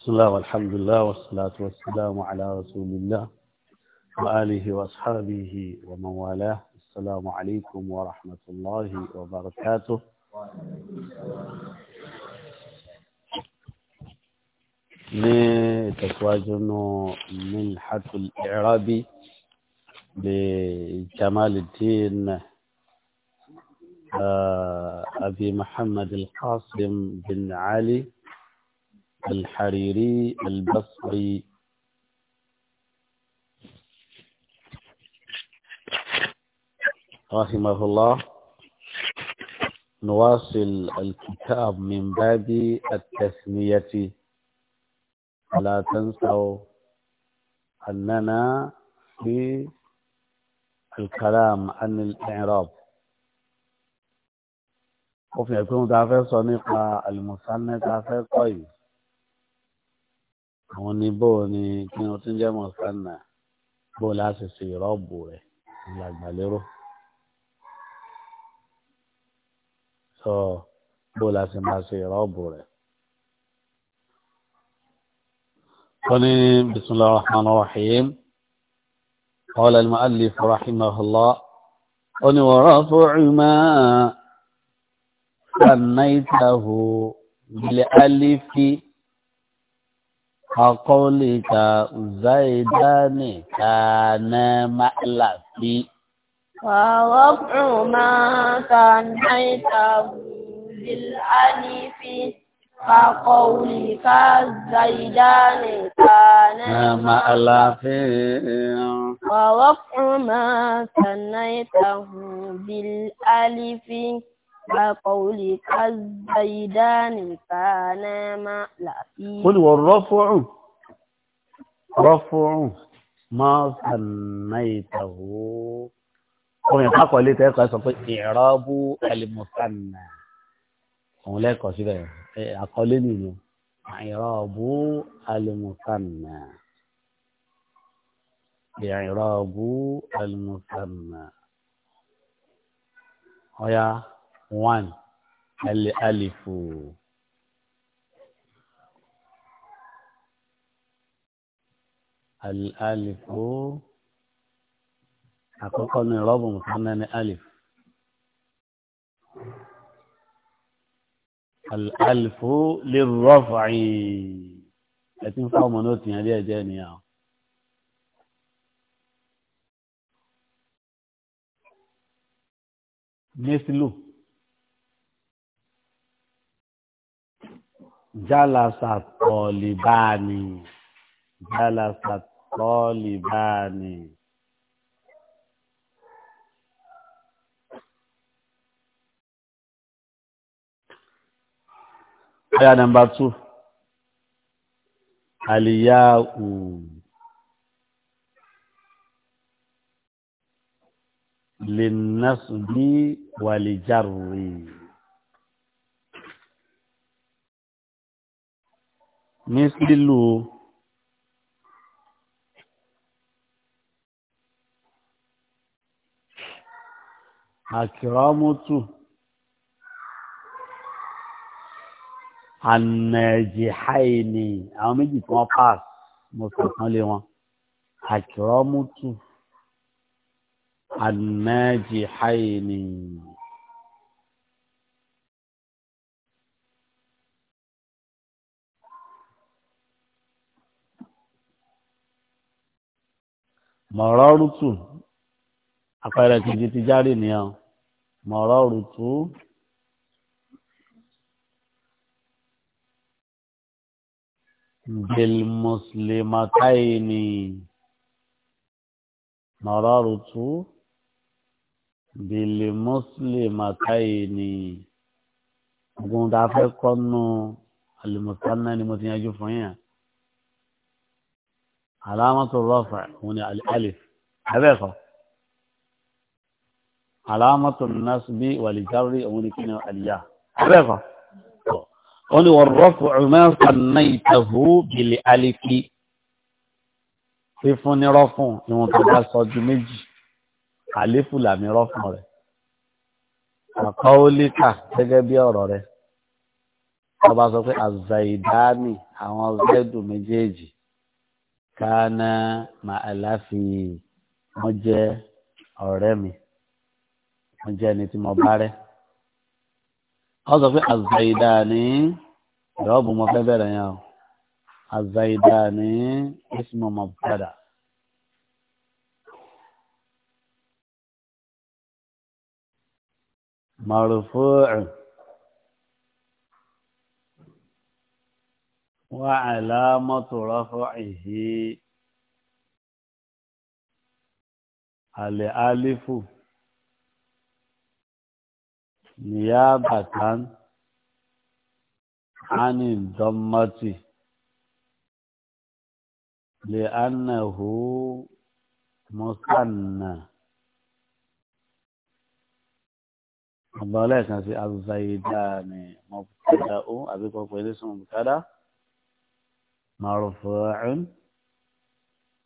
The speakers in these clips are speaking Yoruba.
بسم الله والحمد لله والصلاة والسلام على رسول الله وآله وأصحابه ومن والاه السلام عليكم ورحمة الله وبركاته من منحة الإعرابي بجمال الدين آه، أبي محمد القاسم بن علي الحريري البصري رحمه الله نواصل الكتاب من باب التسمية ولا تنسوا أننا في الكلام عن الإعراب وفي يكون دافع صنيقة المصنف دافع طيب àwọn ní bó ni kí wọ́n ti ń jẹ́ mọ̀sánà bó láti ṣe ìrọ́bù rẹ̀ lérò sọ bó láti máa ṣe ìrọ́bù rẹ̀. قل بسم الله الرحمن الرحيم قال المؤلف رحمه الله قل ورفع ما سميته بالألف كقولك زيدان كان مألفي ووقع ما كان ثنيته بالألف كقولك زيدان كان مألفي ووقع ما كان حيثه بالألف kaqawlika zaidani kana ma lafi. ó ní wọ́n rọ́fọ́rù rọ́fọ́rù máa sànà ìtàwó. ọmọ ìpá kọ́lé tẹ́ kọ́ sọ pé ìrọ́bù alimusanna òun lẹ́kọ̀ọ́ síbẹ̀ àkọlé nìyẹn ìrọ́bù alimusanna. إعراب المثنى ويا one ali alifu. alifu àkọ́kọ́ ní rọ́bù mùsànà ní alif. alifu lè rọ́fù àyìn ẹ ti ń fọ́ọ̀mù ní òtún yẹn díẹ̀ díẹ̀ nìyàwó. Nesilu. jálásà tọ́ọ̀lì báàní jálásà tọ́ọ̀lì báàní. Aya nọmba tú. Àlìyá ùù. Lè násùbí mísílù àkìrọ́mùtù ànàjìháìní àwọn méjì tí wọ́n pass mo sọ̀kan lé wọn àkìrọ́mùtù ànàjìháìní. mọ̀rọ́rùtù àpẹẹrẹ kejì ti járe nìyẹn mọ̀rọ́rùtù bilmuslimataini mọ̀rọ́rùtù bilmuslimataini ogun tá a fẹ́ kọ́ nù alimusanna ni mo ti yanjú fún yẹn. علامة الرفع هنا الألف حبيخة علامة النصب والجر هنا الياء حبيخة هنا والرفع ما صنيته بالألف fífún ní rọ́fún ni wọn tó bá sọ ju méjì àléfù làmì rọ́fún rẹ̀ àkọ́ọ́líkà gẹ́gẹ́ bí ọ̀rọ̀ rẹ̀ wọ́n bá sọ pé àzàìdáàmì àwọn zẹ́dù méjèèjì kánà màláfi wọ́n jẹ́ ọ̀rẹ́ mi wọ́n jẹ́ ẹni tí mo bá rẹ́ wọ́n sọ pé àzàìdánì ìrọ́bù mo fẹ́ bẹ̀rẹ̀ yẹn o àzàìdánì ismu mubtada. مرفوع وعلامة رفعه الألف نيابة عن الضمة لأنه مثنى الله لا يكن في الزيدان مبتدأ أبيك وقيل اسم مبتدأ مرفوع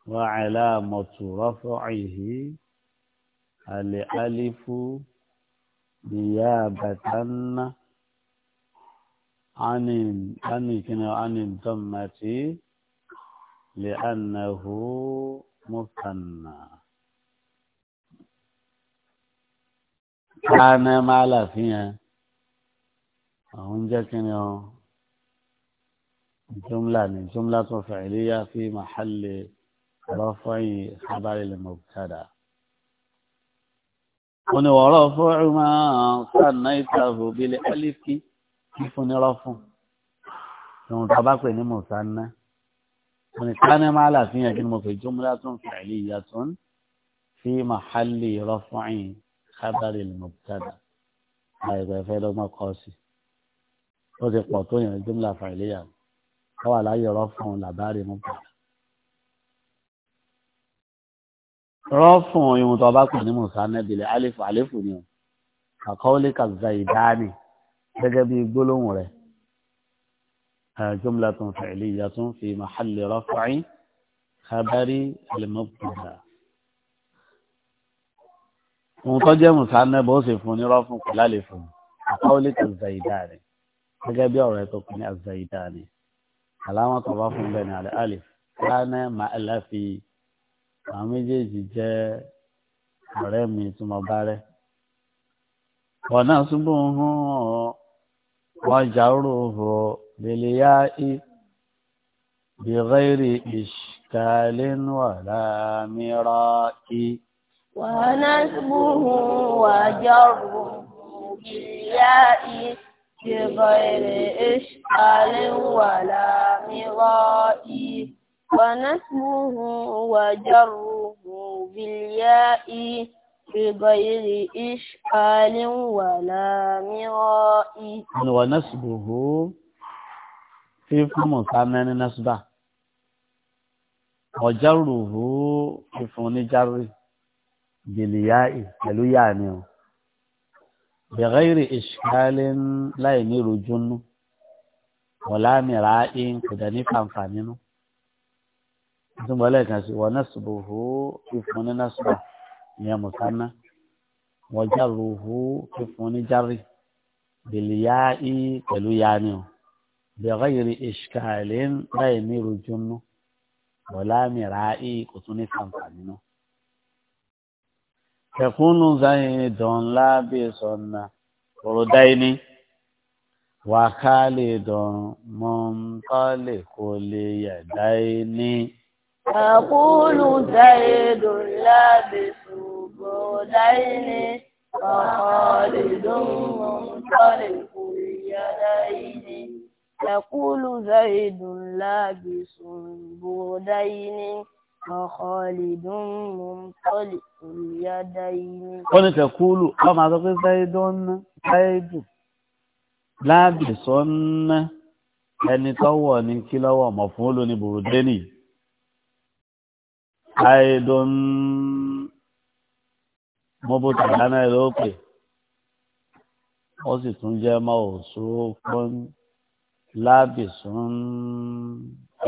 وعلامة رفعه الألف نيابة عن عن عن الضمة لأنه مثنى كان ما لا فيها هنجا جاكني جملة من جملة فعلية في محل رفع خبر المبتدا wọn ورفع ما ثنيته بالألف fífún ní rọ́fù ìwọ̀n tó bá pè ní mùsànná wọn ìtàní máa láfihàn kí ni mo fi jumla tún fa'iliyya tún fi mahalli raf'in khabari al-mubtada àìpẹ́ fẹ́ lọ́gbọ́n kọ́ sí ó ti pọ̀ tó yẹn jumla fa'iliyya káwà láyé ọ̀rọ̀ fún un làbárí mú pa. rọ́fùn ìwọ̀n tó bá kù ní musa nẹ́bìlẹ̀ alifu alifu ni o kàkọ́ọ́lì kàzà ìdáni gẹ́gẹ́ bí gbólóhùn rẹ̀ jumlatun fi'liyatun fi mahalli raf'i khabari al-mubtada òun tó jẹ́ mùsàánà bó ṣe fún ní rọ́fún kò lálẹ́ fún àkọọ́lẹ̀ tó zaidá rẹ̀ gẹ́gẹ́ bí ọ̀rọ̀ ẹ̀ tó kún ní àzaidá rẹ̀ àláwọn kan bá fún bẹ́ẹ̀ ní alẹ́ alẹ́ kánẹ́ máa láfi àwọn méjèèjì jẹ́ ọ̀rẹ́ mi tí mo bá rẹ́. ọ̀nà ṣùgbọ́n hàn wọ́n jàrú hù lèlè yá i bìrẹ́rì ìṣkàlẹ́nu àlámìíràn i. wọ́n ṣùgbọ́n wọ́n jàrú hù lèlè yá i. بغير إشكال ولا مرائي ونسمه وجره بالياء بغير إشكال ولا مراء ونسبه في مصامين نسبة وجره في فون جر بالياء pẹ̀lú yáà ni o بغير إشكال لا ينير جنه wọ̀lá mìíràn áìn kò dẹ̀ ní fàǹfà nínú. Ìtúmọ̀lẹ́ kan sí wọ́n náà ṣubú hó ìfún ní náà ṣubá ìyẹn mùsánná. Wọ́n jàrú hó ìfún ní járì. Bèlì yá í pẹ̀lú yá o. Bẹ̀rẹ̀ yìí ìṣkàlẹ̀ láì ní ìrújú nú. Wọ̀lá mìíràn áìn kò tún ní fàǹfà nínú. Kẹ̀kúnnù sáyẹn dọ̀nlá bí sọ̀nà. Kòròdáyé ni. وخالد منطلق ليدين أقول زيد لابس بودين وخالد منطلق اليدين يقول زيد لابس بودين وخالد منطلق اليدين. قلت تقول أما تقول زيد زيد lábìsọ́nà ẹni tọ́wọ̀ ní kí lọ́wọ́ mọ̀ fún olóní burúdẹ́nì àìdùn mọ́bùtà dáná ẹ̀rọ pè ó sì tún jẹ́ mọ́ òṣùpọ̀n lábìsọ́n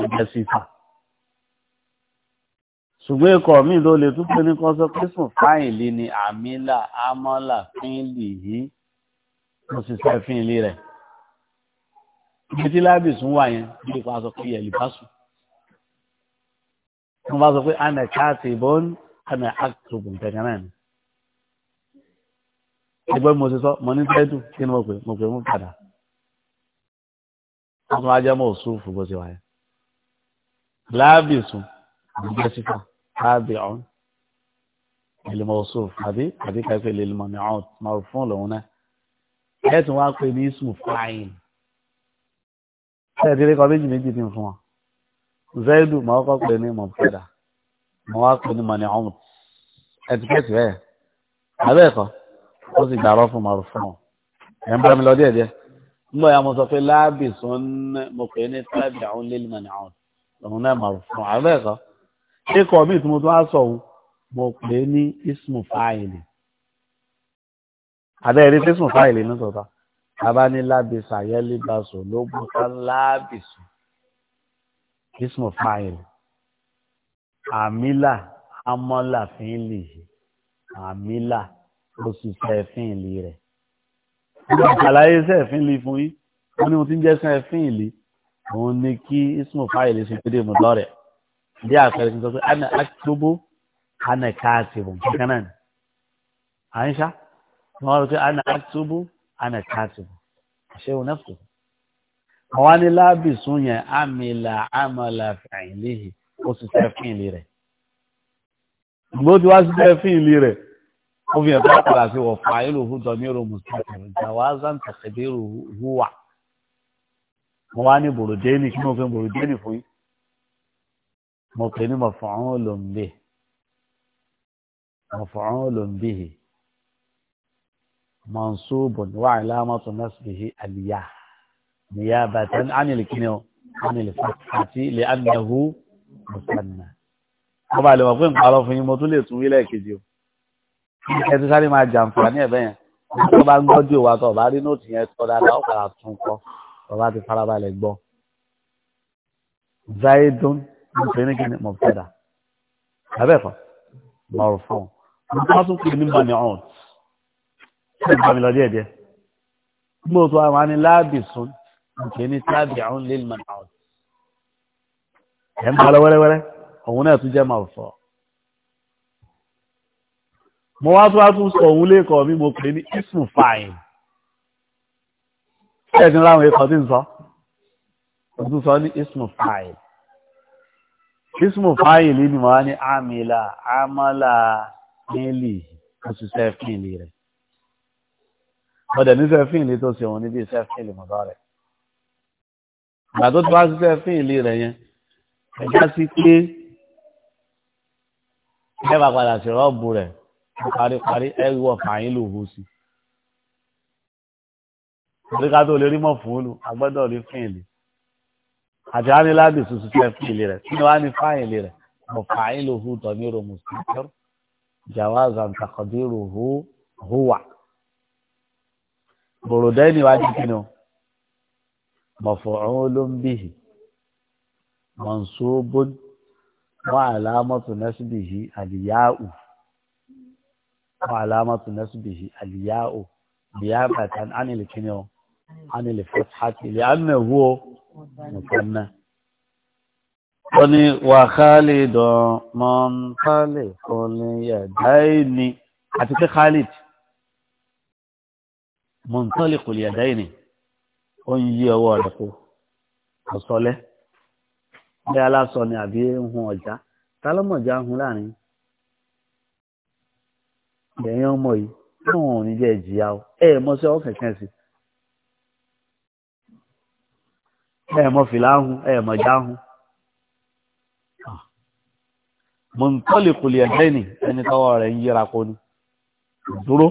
ẹgbẹ́ sífà ṣùgbọ́n ikọ̀ mi ló lè tún pé ní kọ́sọ́ fáìlì ni àmìlà ámọ́là fínlì yìí mo sì sọ ẹ̀fín ilé rẹ̀ ibi tí lábìsùn wà yẹn bí ipa sọ pé yẹ libasu wọ́n bá sọ pé ana káàtì ìbọn ana akitobun kankan náà ni ẹgbẹ́ mo ti sọ mo ní tẹ́tù kí ni mo pè mo pè mú padà wọ́n tún ajá mọ́ òṣùfù bó ti wáyé lábìsùn àbújá sífà láàbì ọ̀hún ìlú mọ́ òṣùfù àbí àbí káfíń ìlú mọ́ ní ọ̀hún máa fún lòun náà. ẹ tún pè ní sùfáìn ẹ̀ẹ́dì rẹ́kọ̀ méjì méjì ní fún wọn zaidu ma kọ́ pè ní mọ̀pẹ́dà ma wá pè ní mọ̀nì ọ̀hún ẹ̀tìkẹ́tì ẹ̀ abẹ́ ẹ̀kọ́ ó sì gbàrọ́ fún màrú fún wọn lọ ya mo sọ pé láàbì sún mo pè ní tábì àwọn náà wọn abẹ́ rí sísun fáìlì ní tọ̀tà bàbá ní lábìsọ àyẹ́lì bàṣọ ló bù ká lábìsọ sísun fáìlì àmìlà amọ́là fínlì yìí àmìlà ó sì fẹ́ fínlì rẹ̀ nígbà àlàyé sẹ́ fínlì fún yín wọ́n ní mo ti ń jẹ́ sẹ́ fínlì òun ni kí sísun fáìlì ṣe kéde mú lọ́rẹ̀ bí àpẹẹrẹ ti sọ pé ana akitobo ana káàtì bò kankan náà ni à wọ́n rò pé ana atubu ana katubu àṣẹ òun náà tó. àwọn anilábìsún yẹn amìlà amọ̀là fàìlìhì ó sì fẹ́ fún ìlì rẹ̀. ìgbó tí wá sí fẹ́ fún ìlì rẹ̀ ó fi hàn pé àpàlà sí wọ̀ fà ìlú òhun tọ́ ní èrò mùsùlùmí jàwáza ń tẹ̀sẹ̀dé hùwà. mo wá ní bòròdéènì kí mo fi bòròdéènì fún yín. mo pè ní mọ̀fọ̀ọ́n lòmbè mọ̀fọ̀ọ́n lòmbè yìí. منصوب وعلامة alamatu nasbihi aliya عن anil عن الفتحة fatati li annahu musanna wọ́n bá lè wọ́n fún ìpàlọ́ fún yín mo tún lè tún wí lẹ́ẹ̀kejì o ẹ ti sáré máa jàǹfààní ẹ̀fẹ́ yẹn tó bá ń gbọ́jú ìwà tó bá rí nóòtù yẹn tó dáadáa ó padà tún kọ́ tó bá ti farabalẹ̀ gbọ́. zaidun nítorí mọ̀fẹ́dà abẹ́fọ́ mọ̀rùfọ́n wọ́n tún kí ni mọ̀nì ọ̀hún ṣe ń bàmí lọ díẹ̀ díẹ̀ gbọ́ tó àwọn àni láàbì sùn òkè ní tábì àwọn lè mọ̀ náà ẹ̀ ń bá lọ wẹ́rẹ́wẹ́rẹ́ òun náà tún jẹ́ máa fọ́ mo wá tó wá tún sọ òun lẹ́kọ̀ọ́ mi mo pè ní ismu fain ṣẹ́ẹ̀ tí láwọn ẹ̀kọ́ tí ń sọ òun sọ ní ismu fain ismu fain ní mo wá ní amila amala nílì òṣìṣẹ́ fìlì rẹ̀ wọ́n dẹ̀ nífẹ̀ẹ́ fíìlì tó ṣe òun níbi iṣẹ́ fíìlì mọ̀dọ́ rẹ̀ ìgbà tó ti wá ṣiṣẹ́ fíìlì rẹ̀ yẹn ẹ̀já sí pé ẹ bá padà sí rọ́ọ̀bù rẹ̀ paríparí ẹ wọ fàáyín ló hó sí torí ká tó lè rí mọ̀ fúnlù agbọ́dọ̀ rí fíìlì àti ániládì tuntun ṣe fíìlì rẹ̀ kí ni wàá ní fáìlì rẹ̀ mọ̀ fàáyín ló hó tọ́ ní romus jawazan takadiruhu huwa bòròdẹ́ni wá di kíni o maf'ulun bihi mansubun wa alamatu nasbihi al-ya'u wa alamatu nasbihi al-ya'u niyabatan anil kíni o anil fathati li'annahu o mutanna wọ́n ní wa Khalidun mọ́ńtálẹ̀ kọ́ni yàdáìní àti pé Khalid mọ̀ntọ́lì kò lè ẹ̀dá yìí ni ó ń yí ọwọ́ rẹ̀ kó ọ̀sọ́lẹ́ bí aláṣọ ni àbí ń hun ọ̀já ta ló mọ̀já ń hun láàrin ẹ̀yìn ọmọ yìí táwọn ò ní jẹ́ ìjìyà o ẹ̀ mọ́ sí ọwọ́ kẹ̀kẹ́ sí ẹ̀ mọ́ fìlà ń hun ẹ̀ mọ̀já ń hun ah. mọ̀ntọ́lì lè ẹ̀dá yìí ni ẹni tọ́wọ́ rẹ̀ ń yíra kó ni dúró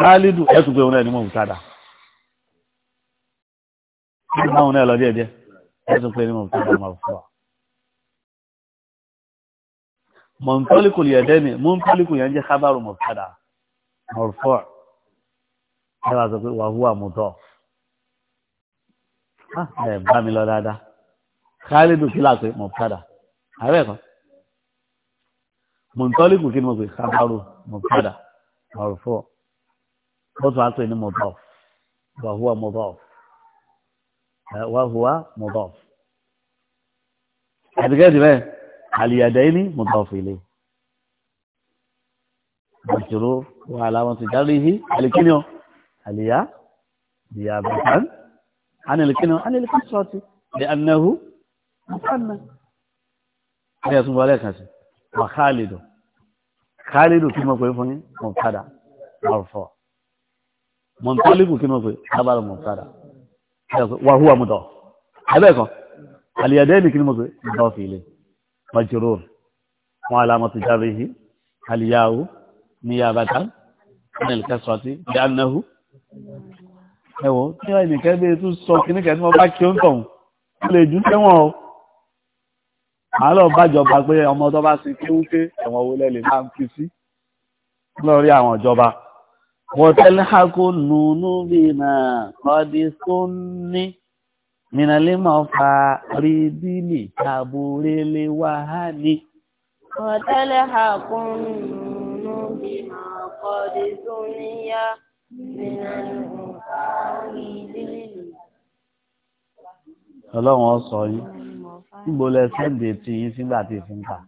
khalidu ẹ̀sùn pé òun náà ni mò ń tàdà nígbà òun náà lọ díẹ̀ díẹ̀ ẹ̀sùn pé ni mò ń tàdà máa fọ́ wa. mọ̀ntọ́líkù yẹ̀dẹ́ ni mọ̀ntọ́líkù yẹn jẹ́ kábàrù mọ̀tàdà mọ̀fọ́ ẹ wá sọ pé wà hùwà mọ̀tọ́ ẹ bá mi lọ dáadáa khalidu kí láti mọ̀tàdà ààrẹ kan mọ̀ntọ́líkù kí ni mo pè kábàrù mọ̀tàdà mọ̀fọ́ ó tún á pè ní mudaf wàhùwà mudaf wàhùwà mudaf àdìgẹ́dì bẹ́ẹ̀ àlìyàdẹ́ni mudaf ilé bàtìrò wàhálà wọn ti jáde yìí àlìkíniọ àlìyá ìyá bàtàn ànìlìkíniọ ànìlìkíniọ sọ́ọ̀tì ní anahu mùsànnà ẹ̀yà tún wọlé kan sí wà khalidu khalidu kí mo pè fún yín mọ̀ padà mọ̀ fọ́ mọ̀ntálíbù kí náà pé lábára mọ̀ntára wàhúwà mọ̀tọ̀ ẹ̀bẹ́ẹ̀kan àlìyàdẹ́ni kí ni mo pé ìdọ́fì ilé majoror wọn alamọ̀tò jáde yìí àlìyàwó ní yàbàtà ní ìkẹsọ̀tì bí anáhu ẹ̀wọ̀ tí wọ́n ìnìkẹ́ bí tún sọ kíní kẹ́ tí wọ́n bá kí ó ń tọ̀hún ó lè jù sẹ́wọ̀n o màá lọ bájọba pé ọmọ tó bá sin kéwúké ẹ̀wọ̀n wo lẹ́ lè máa ń fi sí lórí àwọn ìjọba وتلحق النون بما قد صني من المفاريد لكبر الوهن وتلحق النون بما قد صني من المفاريد ọlọ́run sọ yín níbo lẹ sẹ́ǹdẹ̀ tí yín sígbà tí fún ta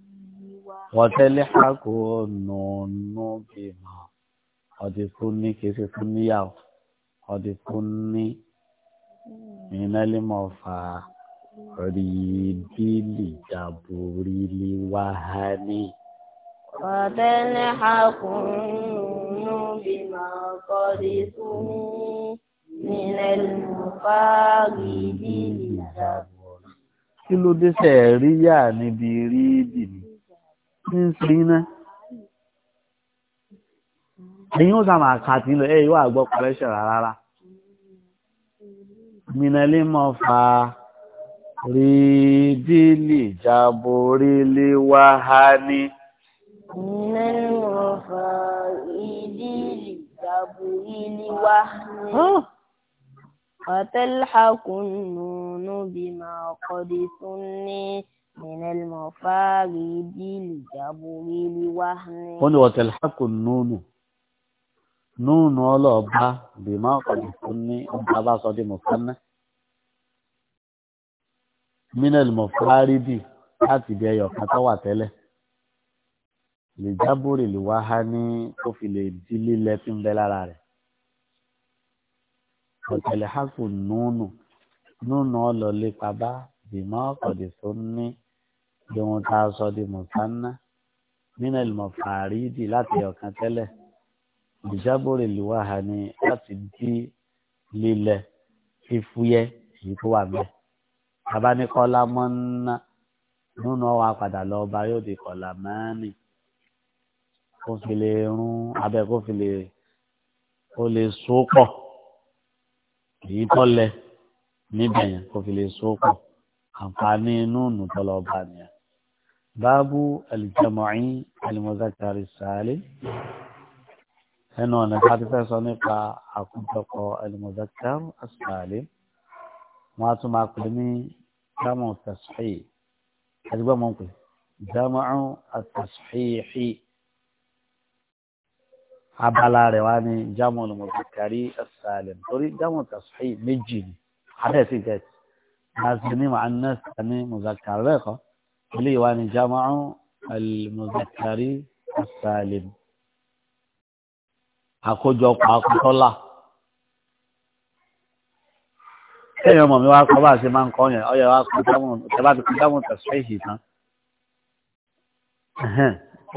wọ́n tẹ́lẹ̀ àkó nùnú bímọ ọdí fún ní kìí ṣe fún níyàwó ọdí fún ní ìnálémọ̀ fà rí bílì jàbórí lè wá ha ní. ọ̀tẹ́lẹ̀ àkùnrin nù bí màá kọ́ di fún mi nílẹ̀ lùfà rí bílì kí ló dé sẹ́ẹ̀ rí níbi rí bìlì? ń sin náà ẹ̀yin ó sàmà àkàtì lọ ẹ̀yìn wà gbọ́ pẹ̀lẹ́ṣẹ̀ rárá mìnàlí mọ́ fa rídìlì jaborílì wáhání. mìnàlí mọ́ fa rídìlì jaborílì wáhání. وتلحق النون بما قد سني من المفاريد الجبر الوهن. هنا وتلحق النون núùnù ọlọ́ọ̀bá bìmọ̀ ọ̀kọ̀dù tó ní ọba bá sọ di mọ̀fánná mínẹ́lì mọ̀fárídì láti di ẹyọ kan tó wà tẹ́lẹ̀ lè jábòrè lè wá há ní kó fi lè di lílẹ̀ tí ń bẹ lára rẹ̀ ọ̀tẹ̀lẹ̀ hásù núùnù núùnù ọlọ́ọ̀lẹ́ pàbá bìmọ̀ ọ̀kọ̀dù tó ní ìwọ̀n tá a sọ mọ̀fánná mínẹ́lì mọ̀fárídì láti ẹyọ kan tẹ́lẹ̀ ìjábọ̀rẹ̀ ìlúwàhà ni láti dí lílẹ̀ fífúyẹ́ èyí tó wà bẹ́ẹ̀. bàbá ní kọ́lá mọ́nà nínú wa padà lọ bá yóò di kọ́lá mọ́nì kó fi lè rún abẹ́ kó fi lè kó lè so pọ̀ èyí tó lẹ níbẹ̀ yẹn kó fi lè so pọ̀ àǹfààní inú nù tó lọ bá nìyẹn. báàbù alìjẹmọ̀ọ́yìn alimọ̀zákàrí sàálẹ̀. هنو أن الحادثة صنيقة أكون تقو المذكر السالم ما تم أقدمي جمع التصحيح أجبه ممكن جمع التصحيح أبلا رواني جمع المذكر السالم تريد جمع التصحيح مجين حدثي جيت نازلني مع الناس أني مذكر لك لي واني جمع المذكر السالم àkójọpọ̀ akọ́tọ́lá ẹ̀yìn ọmọ mi wá kọ́ bá ṣe máa ń kọ́ yẹn ọyẹ wá kọ́ dámùn tẹ́lá ti kọ́ dámùn tẹ̀sán èyí tán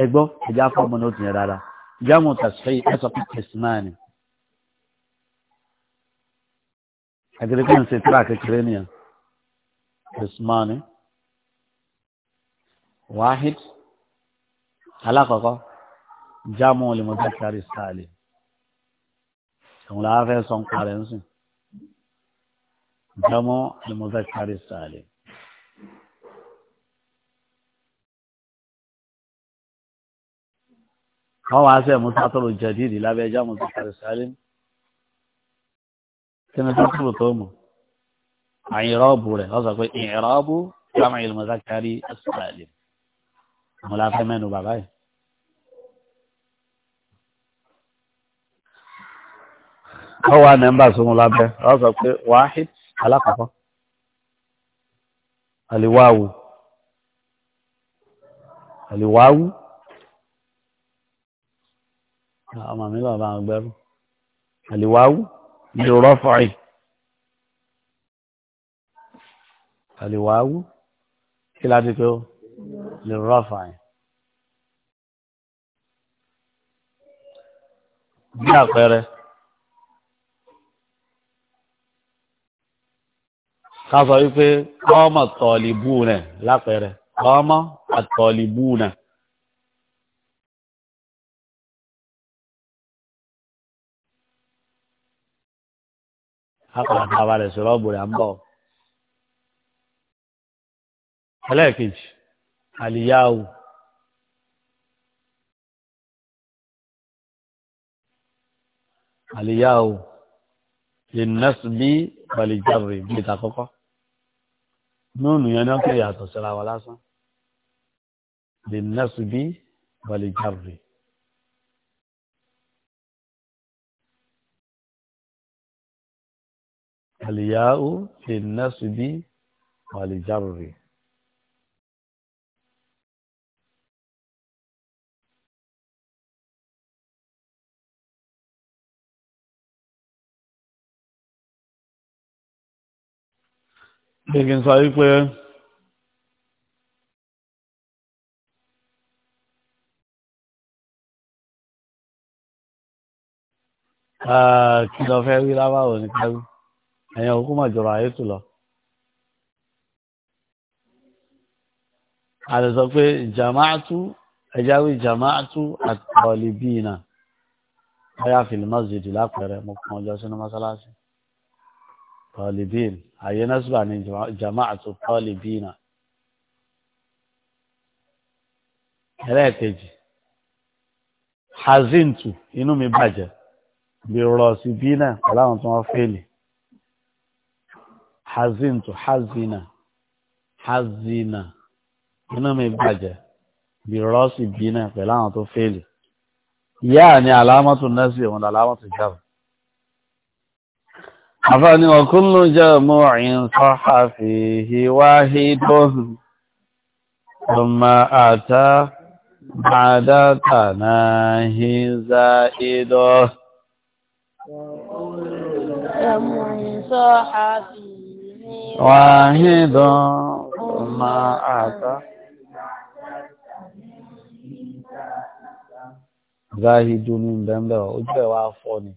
ẹ gbọ́ ẹ̀já fọ́ọ̀mù ní òtún yẹn dáadáa jámù tẹ̀sán èyí ẹ̀sọ́ pé kẹsìmáàni àgbèrè kí n ṣe tíra kékeré nìyẹn kẹsìmáàni wáhid alákọ̀ọ́kọ́ jámù lè mọ̀ sáàlì. òun làwọn fẹ́ sọ ń parẹ́ ń sìn jọmọ́ ni mo fẹ́ kárí sàlẹ̀. wọ́n wá sẹ́ mùsàtòrò jẹ̀dídì lábẹ́ ẹja mùsàtòrò sálẹ̀ kí ni sọ́kùrù tó mọ̀ àyìnrọ́ọ̀bù rẹ̀ wọ́n sọ pé ìyìnrọ́ọ̀bù láwọn ìlú mùsàtòrò sálẹ̀ mo la fẹ́ mẹ́nu bàbá yìí. ọ wà nẹ́mbà sóhun lábẹ́ ọ sọ pé wáhid alákọ̀ọ́kọ́ aliwawu aliwawu ọmọ mi lọ bá ń gbẹ́rù aliwawu ní rọ́fọ̀ì aliwawu kí láti pé ó ní rọ́fọ̀ì bí àpẹẹrẹ. خاصة في قام الطالبون لا غير قام الطالبون أقرأ هذا على سراب ولعنباء ولكن الياو الياو للنسب والجر بتاقوقه nóònù yẹn ni wọ́n kẹ́ yàtọ̀ síra wọn lásán lè nẹ́sù bí wọ́n lè jáde. lè nẹ́sù bí wọ́n lè bí kí n sọ wípé kí lọ fẹ́ rí lábàwọ̀ ní kárú ẹ̀yàn òkú mà jọrọ̀ ayé tù lọ. a lè sọ pé jamaatu ẹjáwé jamaatu àtọ̀lìbìnà báyà fìlì mọ́sídìí lápẹẹrẹ mo kàn ọjọ́ sínú mọ́sálásí talibin àyè nasba ni jama'atu talibina ẹlẹ́ẹ̀kejì hazintu inú mi bàjẹ́ bí rọ̀ọ̀sì bínà aláwọn tí wọ́n fèlè hazintu hazina hazina inú mi bàjẹ́ bí rọ̀ọ̀sì bínà pẹ̀lú àwọn tó fèlè ìyá ni alámọ́tò nẹ́sì òun alámọ́tò jábọ̀ àfáàní ọkùnlù jẹ́ mọ́ àyín sọ́hà fi híwáhí tóhùn ọmọ àtà àdátà náà hí za ìdọ́ wáhídọ́ ọmọ àtà záhídú ojú ẹ̀wà fọ́ ni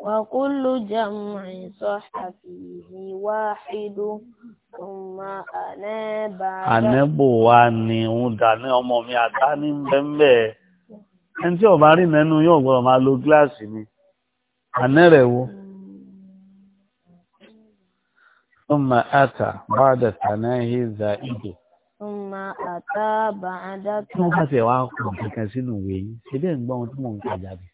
وكل جمع صح فيه واحد ثم أناب أناب واني وداني ọmọ mi àdáni ń bẹ ń bẹ ẹni tí ọba rí nẹnu yóò gbọ́dọ̀ máa lo gíláàsì ni àná rẹ wo ọmọ àtà bàdà tànà hìzà ìdò. ọmọ àtà bàdà tànà. tí wọ́n bá ti wá kọ̀ kankan sínú ìwé yìí ṣe bẹ́ẹ̀ ń gbọ́ ohun tí mò ń kà jáde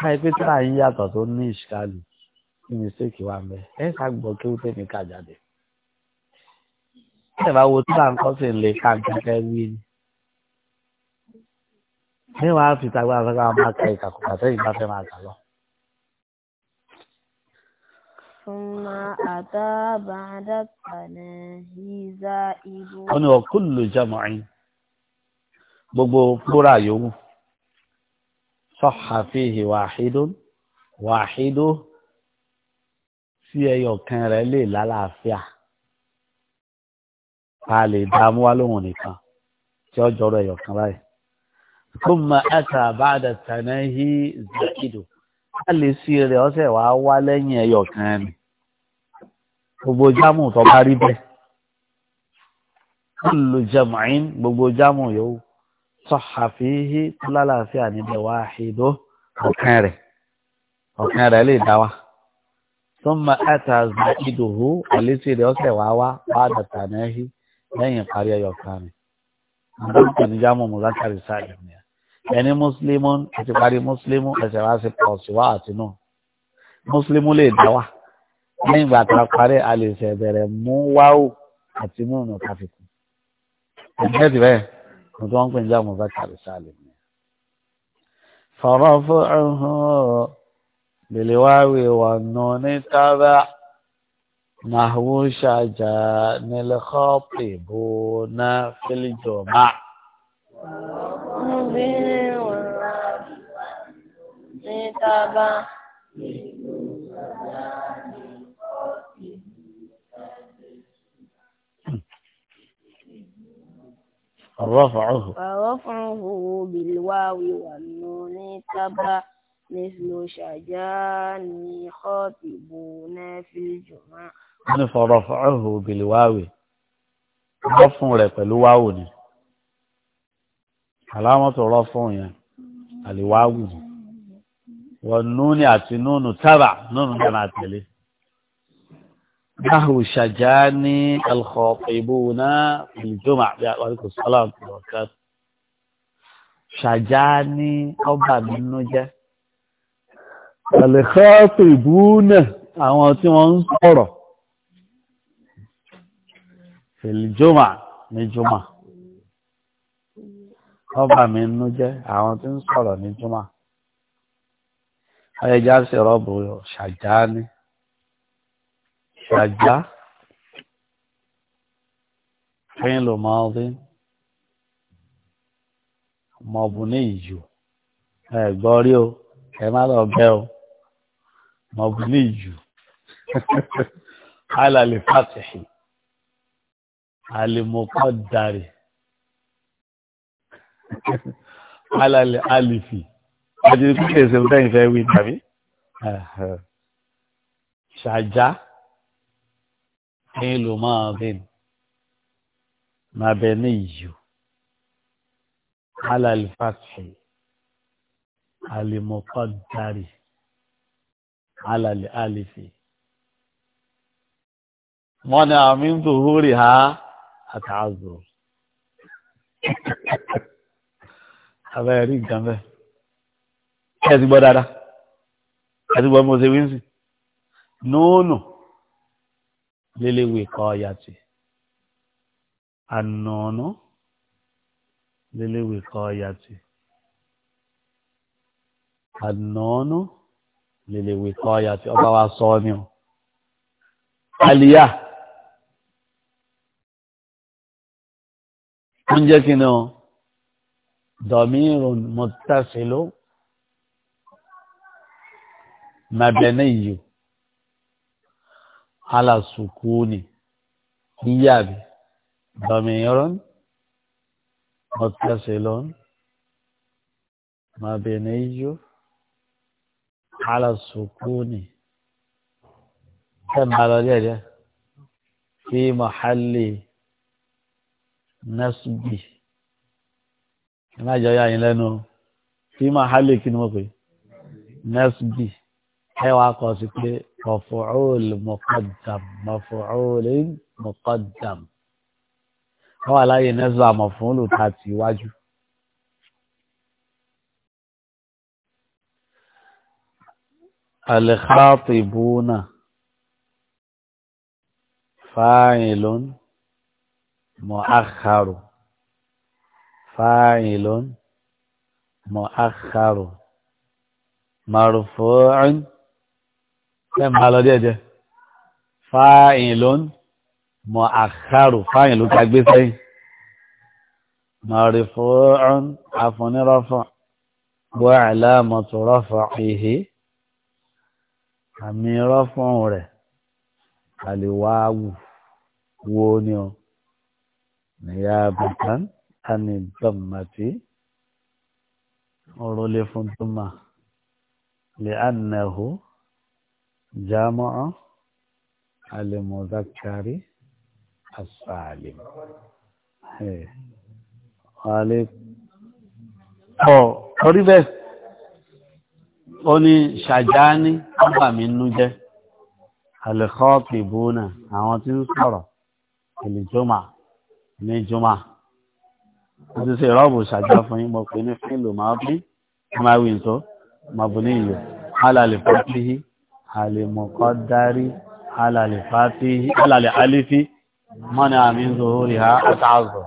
káyé pé tí àyín yàtọ̀ tó ní ìṣàlù kí mistake wà mẹ́ ẹ ṣàgbọ́ kí ó tẹ̀mí kà jáde. ẹ bá wo tí à ń kọ́ sí ilé ká gẹ́gẹ́ wí ni. mẹ́wàá fi tagbára fẹ́ ká máa ka ìkàkùkà sẹ́yìn bá fẹ́ máa kà lọ. ثم أتى بعد التناهي زائد. أنا وكل جمع gbogbo plural yòówù صح فيه واحد واحد sí ẹyọ kan rẹ̀ lè lálàáfíà a lè dààmú wa lóhun nìkan tí ó jọrọ ẹyọ kan báyìí ثم أتى بعد التناهي زائد a lè sí rẹ̀ ọsẹ wà á wá lẹ́yìn ẹyọ kan ni gbogbo jámù tó bá rí bẹ́ẹ̀ كل جمع gbogbo jámù yòówù sọ́ha fìhí tó lálàáfíà níbẹ̀ wá àhìdó ọ̀kan rẹ̀ ọ̀kan rẹ̀ lè dá wa. sọ́mà ẹ̀ta ìdòwú àlétí rẹ̀ ọ̀sẹ̀ wá wá wá dàtà náà hí lẹ́yìn ìparí ẹyọ kan rẹ̀. àdókò ní jámù mùsákàrí sáàyè ni ẹni mùsùlùmù àti parí mùsùlùmù ẹsẹ̀ wá sí pọ̀ sí wá àtinú mùsùlùmù lè dá wa lẹ́yìn ìgbà tá a parí a lè mú wáwù àti mú ọ̀nà káfíkù. ẹgbẹ́ nítorí wọn ń pè ní jáàmù zákàrí sálẹ̀ ni. فرفعه بالواو والنون تبع نحو شجان الخاطبون في الجمع تبع رفعه ورفعه بالواو والنون تبع مثل شجان خاطبون في الجمعة wọ́n fọ rọ̀fọ̀ọ́hù bìlìwáwì wọ́n fún rẹ̀ pẹ̀lú wáwù ni aláwọ̀tò rọ́fún yẹn àlìwáwù ni wọ́n nú ni àti núnù tábà núnù kan àtẹ̀lé نحو شجاني الخاطبون في الجمعة وعليكم السلام وبركاته شجاني ọba mi nínú jẹ́ الخاطبون àwọn tí wọ́n ń sọ̀rọ̀ في الجمعة ní ọba mi nínú jẹ́ àwọn tí ń sọ̀rọ̀ ní jùmọ̀ ọyẹjà sí rọ́bù ṣàjáni. رجع فعل ماض مبني gbọ́rí o ẹ má lọ bẹ́ o mọ̀bùnì jù alàlẹ́ fàtìhì alìmọ̀kọ́ dàrí alàlẹ́ alìfì àti ìpínlẹ̀ ìṣẹ̀lẹ̀ ìfẹ́ wí tàbí ṣàjá. فعل ماض مبني على الفتح المقدر على الألف منع من ظهورها التعذر هذا يريد جنبه كذب ولا لا كذب ومزوين نونو للوقاية النون للوقاية النون للوقاية أبا وصوني الياء ń jẹ́ kí ni ọ dọ̀míìrùn mọ̀tàṣẹ́ló màbẹ̀nẹ́yìí. على السكون إياب ضمير متصل مبني على السكون كم على اليد في محل نصب ما جاي لأنه في محل كنمو نصب هو قاسي مفعول مقدم مفعول مقدم هو لا ينزع مفعول تاتي واجو الخاطبون فاعل مؤخر فاعل مؤخر مرفوع ẹ ń bá lọ díẹ̀díẹ̀ fáyìn ló ń mọ àkàrò fáyìn ló ká gbé sẹ́yìn mọ̀rì fún àfọ̀nírọ́fọ̀ wọ́n àlámọ̀tò rọ́fọ̀ ìhé àmì rọ́fọ̀ rẹ̀ àlèwáwù wo ni o nìyá bàtán àni dọ́màtì ọ̀rọ̀ lè fún dọ́mà lè ànàhó. جامع المذكر السالم alif ọ torí bẹ́ẹ̀ ó ní ṣàjáni ọgbà mi nú jẹ́ alẹ́kọ́ọ̀pì bóna àwọn tí ń sọ̀rọ̀ ìlìjọ́mà ní jọ́mà ó ti ṣe ìrọ́bù ṣàjá fún yín mọ̀ pé ní fílò máa bí ọmọ ìwé ìtọ́ màbùní ìlú alàlẹ́fọ́ sí àlèmọ̀kọ́dárí alàlẹ̀ alifi mọ́ni àmì ń zòó rí ha àtàzọ̀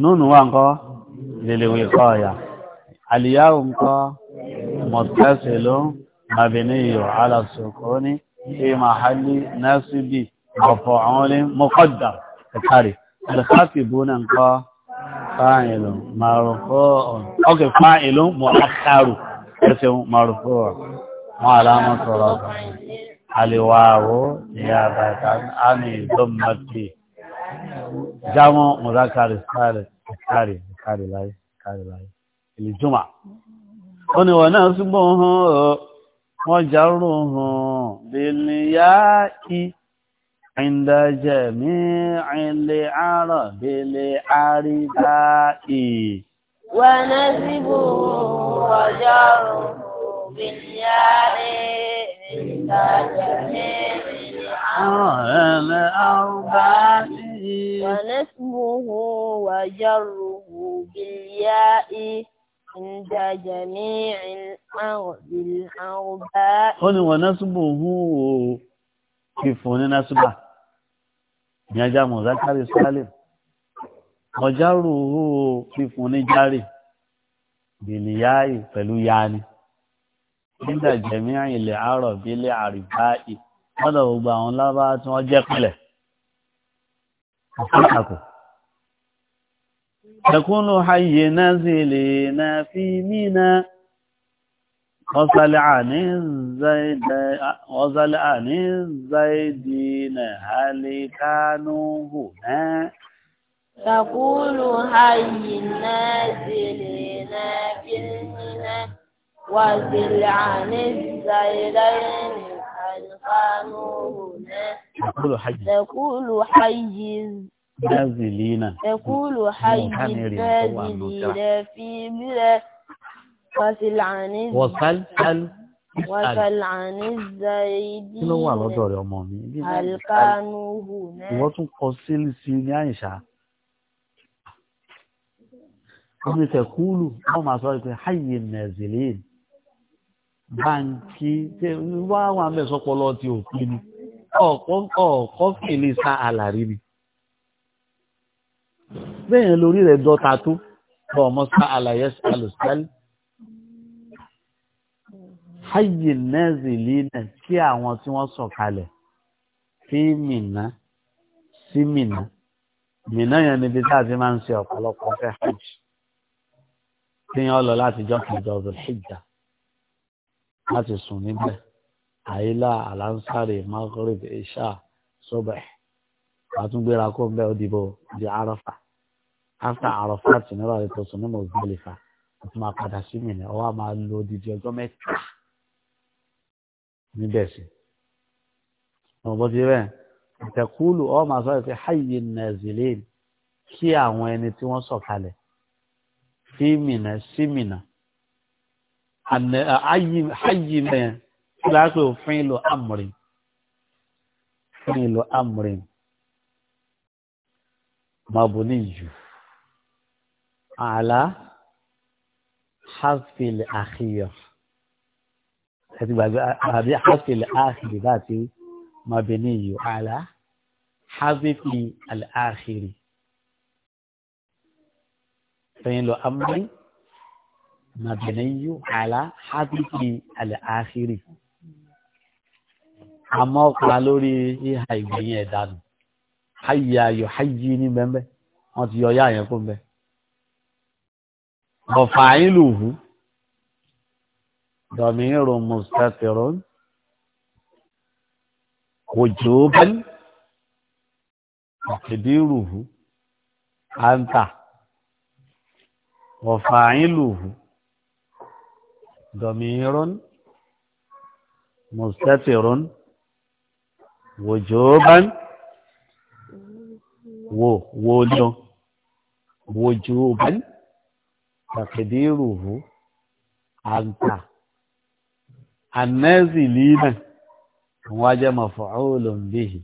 núnù wà ń kọ́ lèlèwè kọ́ ọ̀yà àlìyáwó ń kọ́ mọ̀tẹ́sẹ̀ ló mabiniyo alasokoni fi mahali nasibi mafọ́ọ̀lẹ́ mọ́kọ́dà ẹ̀kárì alkhafibuna ń kọ́ fáìlù ẹ̀sẹ̀ marufu ọ̀n وعلامة رفعه الواو نيابة عن الضمة جمع مذكر الثالث الثالث الثالث لاي الثالث لاي الجمعة oni wọn náà súnmọ́ hàn wọ́n járò hàn bèlìyà kí ìdájẹ́ mi ilé àárọ̀ bèlè àrídá ì. wọ́n náà síbò wọ́n járò hàn. بالياء منك جميل على الأربعة ونسبه وجره بالياء عند جميع الأرض الأربعة هنا ونسبه كيف هنا نسبه ìyẹn já mọ̀zákàrí sálẹ̀ ọjárò ó fífún ní járè bèlè yáàyè nígbà jẹ̀mí ilẹ̀ àárọ̀ bí ilẹ̀ àríbáì lọ́dọ̀ gbogbo àwọn lábá tí wọ́n jẹ́ pẹ̀lẹ̀ àkókò. ẹ̀kúnnù ayé náà sì lè na fi mí na ọ̀sálẹ̀ àní zaidi na halikanuhu náà. تقول هاي النازل نافل هنا وصل عن الزيرين تقول حي تقول حي نازلين تقول حي نازلين في بلا وصل عن الزيدين هل وصل عن الزيد لو حي النازلين báńkì ṣe wá àwọn amẹ́sọpọlọ ti òkú ni ọ̀kọ́ fìlì sa àlàrí ni bẹ́ẹ̀ yẹn lórí rẹ̀ dọ́ta tó bọ́ ọmọ sa àlàyé alùsálì hayè nẹ́ẹ̀zìlì náà kí àwọn tí wọ́n sọ̀kalẹ̀ sí mìnà sí mìnà mìnà yẹn níbi tá a ti máa ń ṣe ọ̀pọ̀lọpọ̀ fẹ́ hajj tí yẹn lọ láti jọ́ kẹjọ ọ̀dọ̀ hijja láti sùn níbẹ̀ àyílà àlánsárì maghrib isha subh àtúngbéra kó bẹ́ẹ̀ òdìbò di arafa after arafa ti ní ọ̀rọ̀ ètò sùn ní Muzdalifa àti máa padà sí mi ní ọwọ́ máa lo odidi ọjọ́ mẹ́ta níbẹ̀ sí. ọ̀bọ ti rẹ̀ ìtẹ̀kùlù ọ máa sọ pé hayyi nazilin kí àwọn ẹni tí wọ́n sọ̀kalẹ̀ fíìmìnà símìnà ayyi mẹ́yẹn tí láàpẹ́ òfin ìlò amrin fún ìlò amrin mabuniyu ala hasfil akhir ẹ̀tí gbàgbé àbí hasfil akhir láti mabuniyu ala hasfil akhir fún ìlò amrin مبني على حذف الآخر àmọ́ pa lórí ìhà ìwé yẹn dànù hayya yuhayyi ní bẹ́ẹ̀ wọ́n ti yọ yá yẹn kó bẹ́ẹ̀. mafa'iluhu damirun mustatirun wujuban taqdiruhu anta mafa'iluhu. ضمير مستتر وجوبا و ولو وجوبا تقديره أنت النازلين وجه مفعول به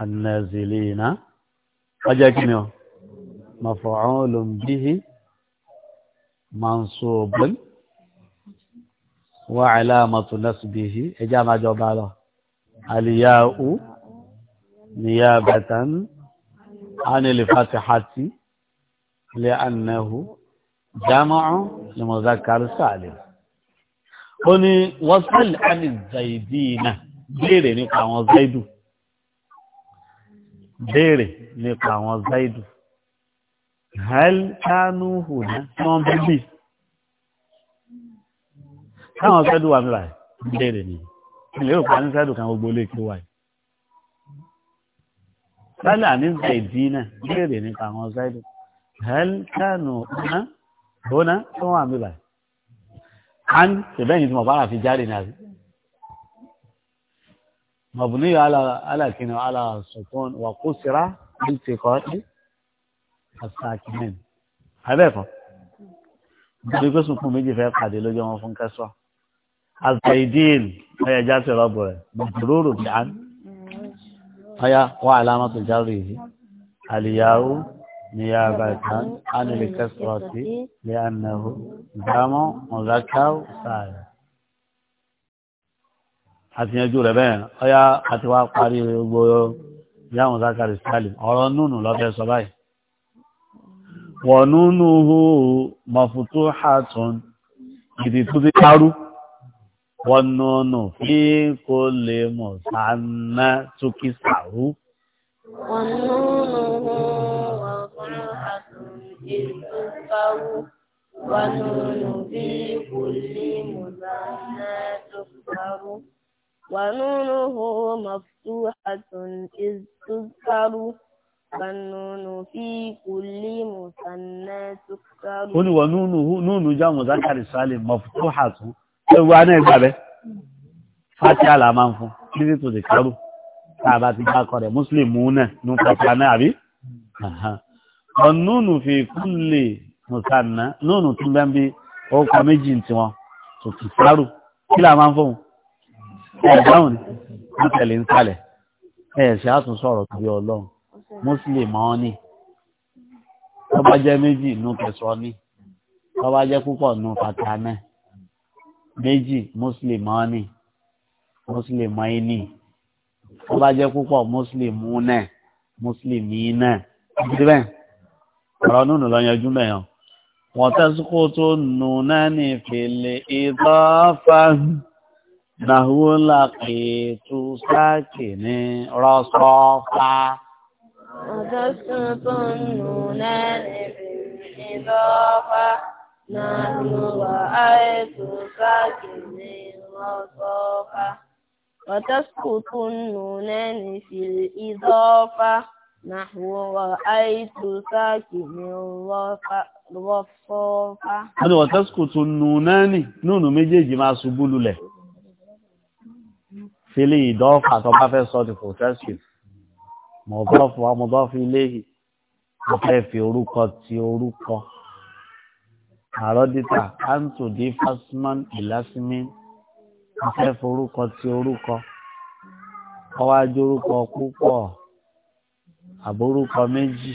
النازلين وجه مفعول به mansubun wa alamatu nasbihi ẹjẹ́ àmájọba lọ aliyahu niyabatan anil fatihati li annahu jama'u li muzakkar salim ó ní wasal ani zaidina béèrè nípa àwọn zaidu béèrè nípa àwọn zaidu hàlkánú hùnà tí wọ́n bí bí táwọn fẹ́ dùn wà nílà ìbéèrè ni ilé òkú anísàdùn kan gbogbo lè kí wáyé sálà ní zaidi náà ìbéèrè nípa àwọn zaidi hàlkánú hùnà hùnà tí wọ́n wà nílà an ṣèbẹ́yìn tí mo bá rà fi jáde náà مبني على على كنا على السكون وقصر التقاء asakimen abẹ́ẹ̀kọ́ nítorí pé sunkún méjì fẹ́ pàdé lójú wọn fún kẹsọ́ azaidin ọyẹ jáde rọ́bù rẹ̀ mọ̀tòróró bí án ọyá wà alámọ́tò jáde yìí àlìyáwó níyàbá ìtàn ánìlì kẹsọ́ sí lè ànàwó ìdámọ́ mọ̀zákáwó sáàrẹ̀ àtìyànjú rẹ̀ bẹ́ẹ̀ ọyá àti wá parí gbogbo yàwọn zákàrí sálìm ọ̀rọ̀ nùnù lọ́fẹ́ sọ báyìí wọ̀núnúhù mọ̀fútó hàtún ìdí tó ti kárú wọ̀núnú fí kó lè mọ̀ sáná tókì sàrú. wọ̀núnúhù mọ̀fútó hàtún ìdí tó ti kárú wọ̀núnú fí kó lè mọ̀ sáná tókì ìdí tó kárú ó ní wọ núnú jáwọn zákàrí sálẹ̀ mọ̀fútó hàtú ẹwà náà gbàbẹ́ fàtí àlàmà ń fún títí tó lè kárù tàbá ti bá kọ rẹ̀ mùsùlùmí náà ní pàtàkì náà àbí ọ̀nùnù fi kúlè mùsànà núnù tún bẹ́ ń bí ọkọ̀ méjì tí wọn tó ti kárù kí làmà ń fún ẹ̀dáhùn ní tẹ̀lé ń sálẹ̀ ẹ̀ ṣe á tó bí ọlọ́run mùsùlùmọ́ọ́nì tó bá jẹ́ méjì nù kẹsàn-án tó bá jẹ́ púpọ̀ nù kàtàánẹ́ méjì mùsùlùmọ́ọ́nì mùsùlùmọ́ọ́nì tó bá jẹ́ púpọ̀ mùsùlùmúnẹ̀ mùsùlùmínẹ̀ síbẹ̀ ọ̀rọ̀ nínú lọ yanjú mẹ́yàn wọ́n tẹ́sùkú tó nù náà ní ìfèlè ìtọ́fà nàhúlà pé sáàkì ní rọ́sọ́fà. وتسكنون بالإضافة نحن رأيت ساكن وصافة وتسقط النونان في الإضافة نحو رأيت ساكن وصافة هذا وتسقط النونان نون méjèèjì máa ṣubú lulẹ̀ في الإضافة tó bá fẹ́ sọ ti kò tẹ́sìkì mọ̀dọ́fù wa mọ̀dọ́fù iléyìí orúkọ ti orúkọ àròdìtà antòdì fásmán ìlásímín wọ́n orúkọ ti orúkọ ọwọ́ ajé orúkọ púpọ̀ àbórúkọ méjì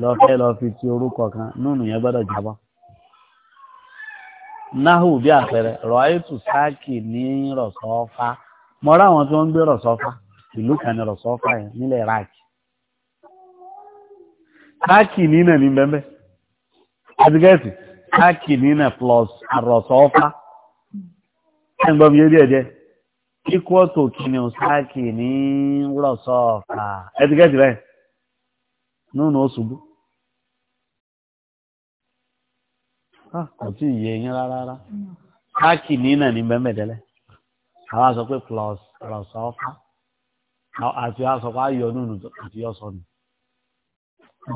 lọ́fẹ́ lọ́ fi ti orúkọ kan nínú yẹn gbọ́dọ̀ jábọ́ náhù bí àpẹẹrẹ rọ̀ ayétù sáàkì ní rọ̀sọ́fà mọ́ra àwọn tí wọ́n ń gbé rọ̀sọ́fà. ìlú kan ní rọ̀sọ́fà yẹn nílẹ̀ Iraq káàkì nínà ní bẹ́ẹ̀ àdìgẹ́sì káàkì nínà plus àrọ̀sọ́fà ẹ̀ǹgbọ́n mi yé díẹ̀ díẹ̀ kíkọ́ tó kìíní sáàkì ní rọ̀sọ́fà àdìgẹ́sì rẹ̀ nínú oṣùgbọ́. kò tí ì yé yín rárá rárá káàkì nínà ní bẹ́ẹ̀ bẹ́ẹ̀ tẹ́lẹ̀ àwa sọ pé plus rọ̀sọ́fà àti aṣọ pa ayọ̀ nínú àti ọ̀sọ̀ nù.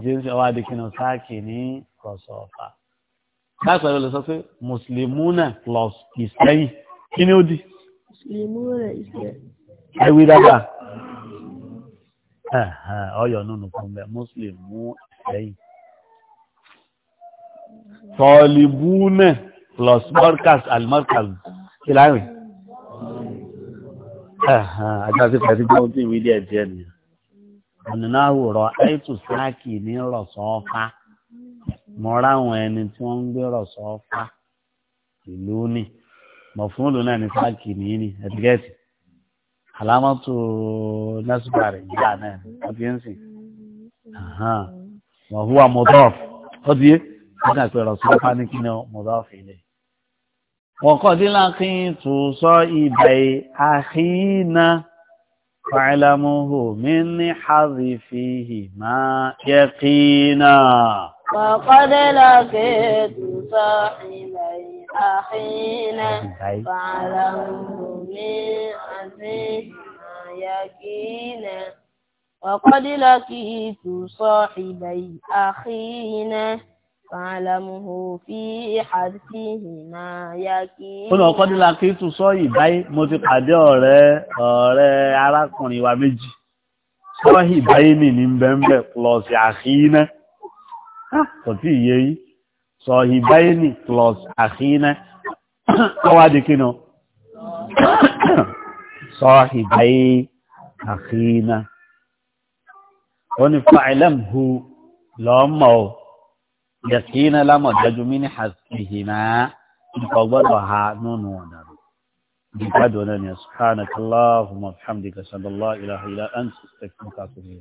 Jésù ọwọ́ adìkínà sáàkì ní ọ̀sọ̀ ọ̀fà. Láìpẹ́ ló lè sọ pé Mùsùlùmúnà plus ìsẹ́yìn kí ni ó di? Mùsùlùmúnà ìsẹ́yìn. Ẹ wí dáadáa. Ọyọ̀ nínú kan bẹ́ẹ̀ Mùsùlùmú ìsẹ́yìn. Tọ́lìbúnà plus Mọ́rkàs àlùmọ́rkàs kí láàrin? àjọsí pẹ̀lú jẹ́ ojú ìwé díẹ̀ díẹ̀ ni ọ̀nà àwòrán àìtù sáàkì ní rọ̀sọ́ọ́fà mo ráwọn ẹni tí wọ́n ń gbé rọ̀sọ́ọ́fà ìlú ni mọ̀ fún òlù náà ní sáàkì ní ní ẹ̀dígẹ́tì àlámọ́tò nẹ́sùpà yíyá وقد لقيت صائبي أخينا فاعلمه من حذفه ما يقينا وقد لقيت صائبي أخينا فاعلمه من حذفه ما يقينا وقد لقيت صاحبي أخينا fàlámùhù fi àdìsíhì máa yá kí. ó lọ kọ́ nílá kí tún sọ yìí báyìí mo ti pàdé ọ̀rẹ́ ọ̀rẹ́ arákùnrin wa méjì sọ yìí báyìí nì ní bẹ́ńbẹ́ plus àhínà ah, kò tí ì yé yìí sọ yìí báyìí nì plus àhínà kọ́ wá di kínu sọ yìí báyìí àhínà ó ní fàìlẹ́mù lọ́mọ́ o. یقین لا مجدومین حسیهما ان قبر بها نون ودارو بقدر نیست خانک اللہ و محمدی کسند اللہ انس استکنکاتو